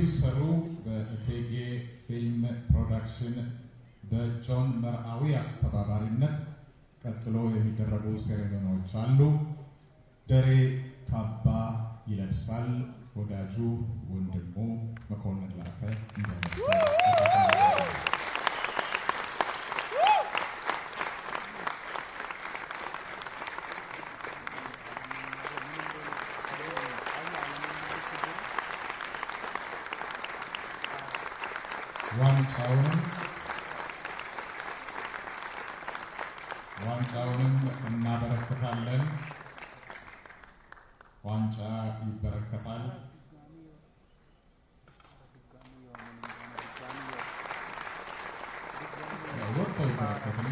ፕሮዲውሰሩ በእቴጌ ፊልም ፕሮዳክሽን በጆን መርአዊ አስተባባሪነት ቀጥሎ የሚደረጉ ሴሬሞኒዎች አሉ። ደሬ ካባ ይለብሳል። ወዳጁ ወንድሙ መኮንን ላፈ ዋንጫውንም ዋንጫውንም እናበረክታለን። ዋንጫ ይበረከታል። ወጥተው ይበረከትና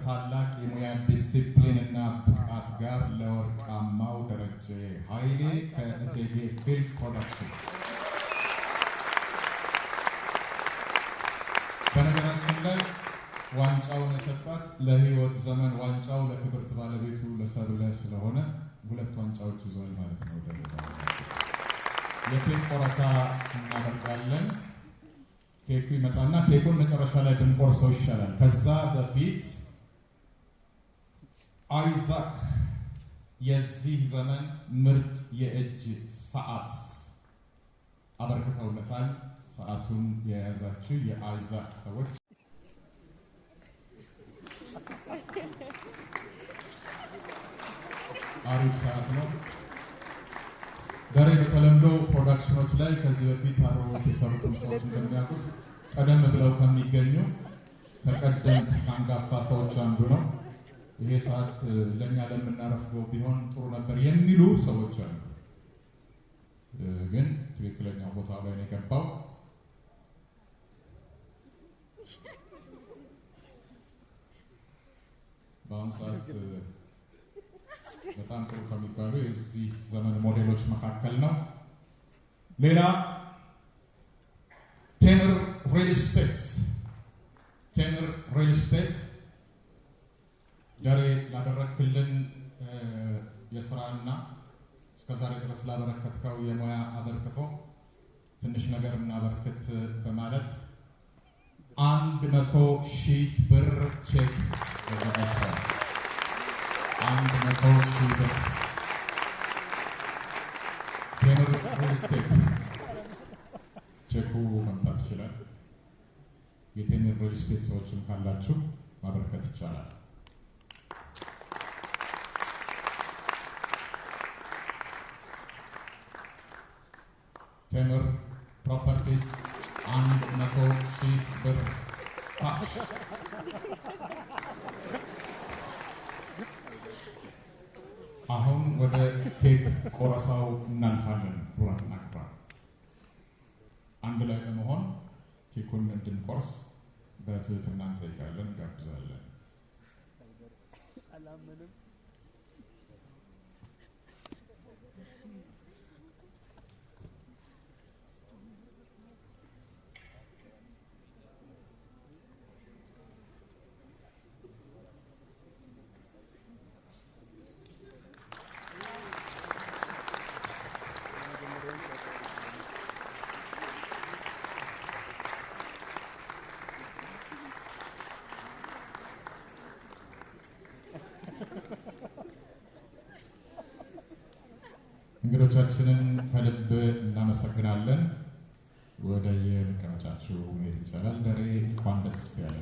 ከታላቅ የሙያ ዲሲፕሊን እና ብቃት ጋር ለወርቃማው ደረጀ ኃይሌ ከእቴጌ ፊልም ፕሮዳክሽን። በነገራችን ላይ ዋንጫውን የሰጣት ለህይወት ዘመን ዋንጫው ለክብርት ባለቤቱ ለሰብለ ስለሆነ ሁለት ዋንጫዎች ይዟል ማለት ነው። የኬክ ቆረሳ እናደርጋለን። ኬኩ ይመጣና ኬኩን መጨረሻ ላይ ብንቆርሰው ይሻላል። ከዛ በፊት አይዛክ የዚህ ዘመን ምርጥ የእጅ ሰዓት አበርክተውለታል። ሰዓቱን የያዛችው የአይዛክ ሰዎች አሪፍ ሰዓት ነው። ዛሬ በተለምዶ ፕሮዳክሽኖች ላይ ከዚህ በፊት አብረውት የሰሩትን ሰዎች እንደሚያውቁት ቀደም ብለው ከሚገኙ ተቀደምት አንጋፋ ሰዎች አንዱ ነው። ይሄ ሰዓት ለእኛ ለምናረፍገው ቢሆን ጥሩ ነበር የሚሉ ሰዎች አሉ። ግን ትክክለኛው ቦታ ላይ ነው የገባው። በአሁኑ ሰዓት በጣም ጥሩ ከሚባሉ የዚህ ዘመን ሞዴሎች መካከል ነው። ሌላ ቴምር ሪል ስቴት ቴምር ሪል ስቴት ዛሬ ላደረግክልን የስራና እስከዛሬ ድረስ ላበረከትከው የሙያ አበርክቶ ትንሽ ነገር እናበርክት በማለት አንድ መቶ ሺህ ብር ቼክ ተዘጋጅቷል። አንድ መቶ ሺህ ብር ቴምር ቼኩ መምጣት ይችላል። የቴምር ሪልስቴት ሰዎችም ካላችሁ ማበርከት ይቻላል። Tremor Properties and Mako Sheep Bir አሁን ወደ ኬክ ቆረሳው እናልፋለን። ክቡራትና ክቡራን አንድ ላይ በመሆን ኬኩን እንድንቆርስ በትህትና እንጠይቃለን፣ እንጋብዛለን። እንግዶቻችንን ከልብ እናመሰግናለን። ወደ የመቀመጫችሁ መሄድ ይቻላል። ደሬ እንኳን ደስ ያለ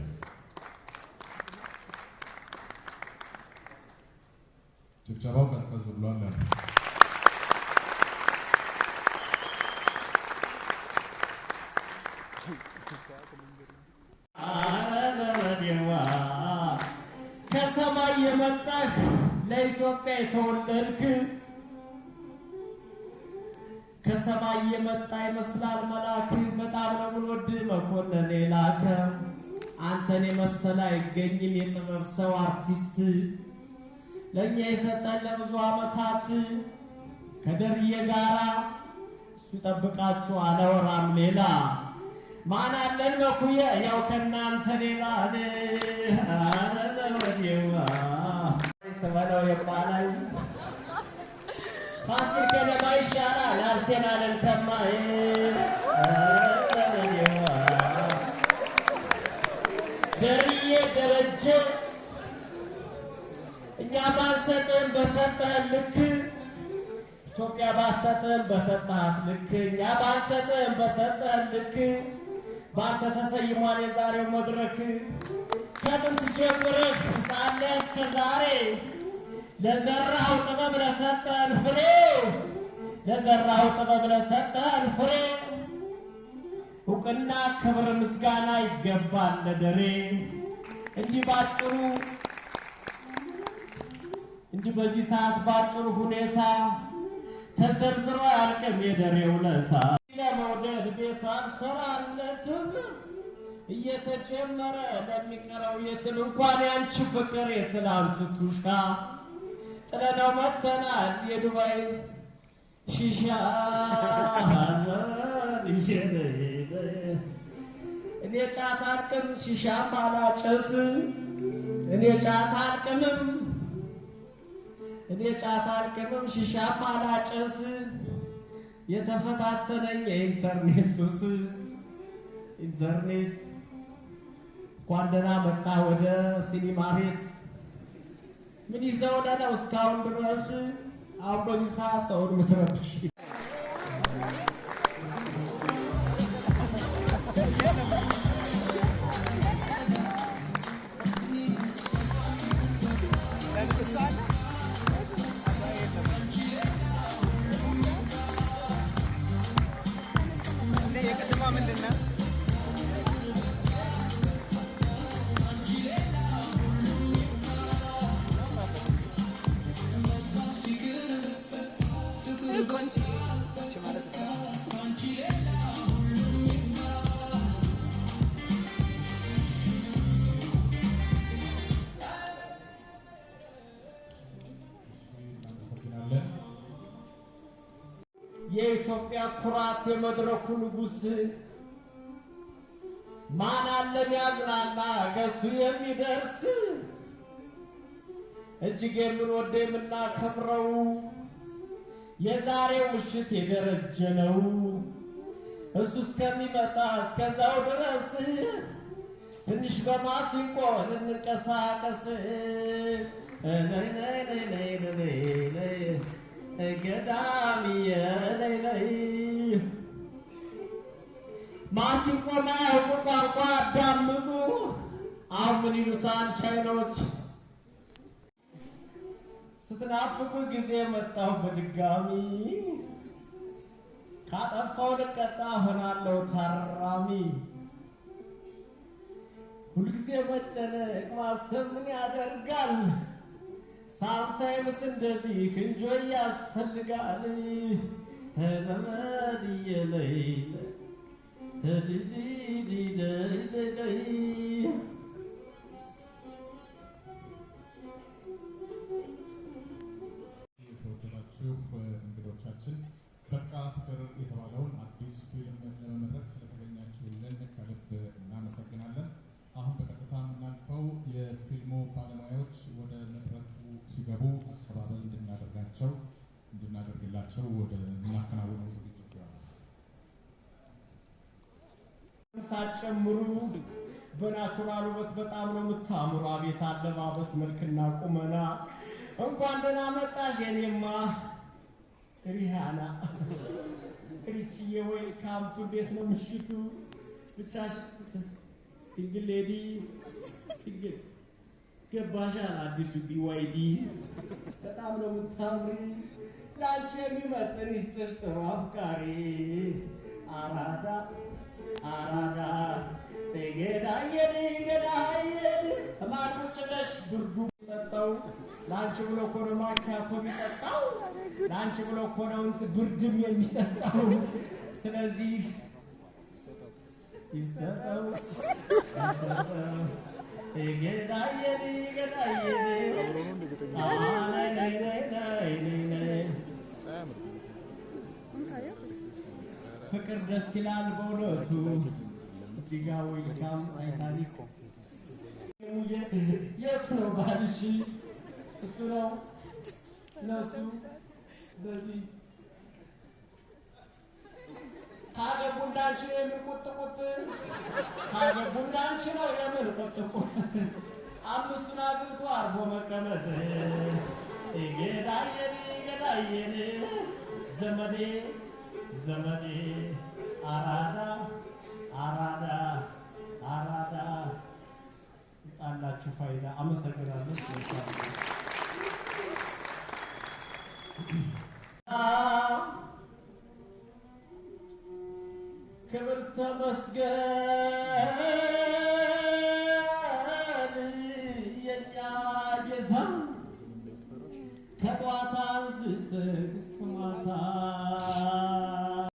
ጭብጨባው ቀዝቀዝ ብሏል። ከሰማይ የመጣህ ለኢትዮጵያ የተወለድክ ከሰማይ የመጣ ይመስላል መልአክ በጣም ነው ምንወድ መኮንን የላከ አንተን የመሰለ አይገኝም የጥበብ ሰው አርቲስት ለእኛ የሰጠን ለብዙ አመታት ከደርዬ ጋራ እሱ ይጠብቃችሁ አላወራም ሌላ ማን አለን መኩየ ያው ከእናንተ ሌላ ራሴናለን ከማይ ዘርዬ ደረጀ እኛ ባንሰጥህም በሰጠህን ልክ ኢትዮጵያ ባንሰጥህም በሰጣት ልክ እኛ ባንሰጥህም በሰጠህን ልክ በአንተ ተሰይሟል የዛሬው መድረክ ከጥንት ጀምረህ እስከ ዛሬ ለዘራኸው ጥበብ ለሰጠህን ፍሬ ለዘራኸው ጥበብ ለሰጠህን ፍሬ እውቅና፣ ክብር፣ ምስጋና ይገባል ለደሬ። እንዲህ ባጭሩ እንዲህ በዚህ ሰዓት ባጭሩ ሁኔታ ተዘርዝሮ አያልቅም የደሬ ውለታ። ለመውደድ ቤት አልሰራለትም እየተጀመረ ለሚቀረው የትን እንኳን ያንቺ ፍቅር የትናንቱ ቱሻ ጥለነው መተናል የዱባይ እኔ ጫት አልቅም ሺሻም አላጨስ እኔ ጫት አልቅምም እኔ ጫት አልቅምም ሺሻም አላጨስ የተፈታተነኝ የኢንተርኔት ሱስ ኢንተርኔት እንኳን ደህና መጣ ወደ ሲኒማ ቤት ምን ይዘው ነው እስካሁን ድረስ Abla İsa Saur tarafı. የኢትዮጵያ ኩራት የመድረኩ ንጉሥ ማን አለ የሚያዝናና ገሱ የሚደርስ እጅግ የምንወደ የምናከብረው የዛሬው ምሽት የደረጀ ነው። እሱ እስከሚመጣ እስከዛው ድረስ ትንሽ በማሲንቆ እንንቀሳቀስ። ገዳም የለይለይ ማሲንቆና ቋንቋ አዳምጡ። አሁን ምን ቻይኖች? ስትናፍቁ ጊዜ መጣሁ በድጋሚ ካጠፋው ልቀጣ ሆናለው ታራሚ። ሁልጊዜ መጨነቅ ማሰብ ምን ያደርጋል? ሳምታይምስ እንደዚህ እንጆ ያስፈልጋል ተዘመድዬ ለይ ድድድደይደይ የተወደዳችሁ እንግዶቻችን በቃ ፍቅር የተባለውን አዲስ ፊልም መድረክ ጨምሩ። በናቹራል ውበት በጣም ነው የምታምሩ። አቤት አለባበስ፣ መልክና ቁመና። እንኳን ደህና መጣሽ የኔማ ሪሃና ሪችዬ። ወይ ካምቱ እንዴት ነው ምሽቱ? ብቻሽ ሲንግል ሌዲ ሲንግል ገባሻል። አዲሱ ቢዋይዲ በጣም ነው የምታምሪ። ላንቺ የሚመጥን ይስጥሽ ጥሩ አፍቃሪ አራዳ ኮረማች ናቶ የሚጠጣው ለአንቺ ብሎ እኮ ነው ብርድም የሚጠጣው። ስለዚህ ይሰጠው ፍቅር ደስ ይላል በእውነቱ እጅጋ ወይታም አይታሪክ የት ነው ባልሽ እሱ ነው። እነሱ እንደዚህ ታገቡ እንዳንቺ ነው የሚቆጥቁት። ታገቡ እንዳንቺ ነው የምንቆጥቁት። አምስቱን አግብቶ አርፎ መቀመጥ ጌዳየኔ ጌዳየኔ ዘመዴ ዘመዴ አራዳ አራዳ አራዳ ጣላችሁ ፋይዳ። አመሰግናለሁ። ክብርተ መስገን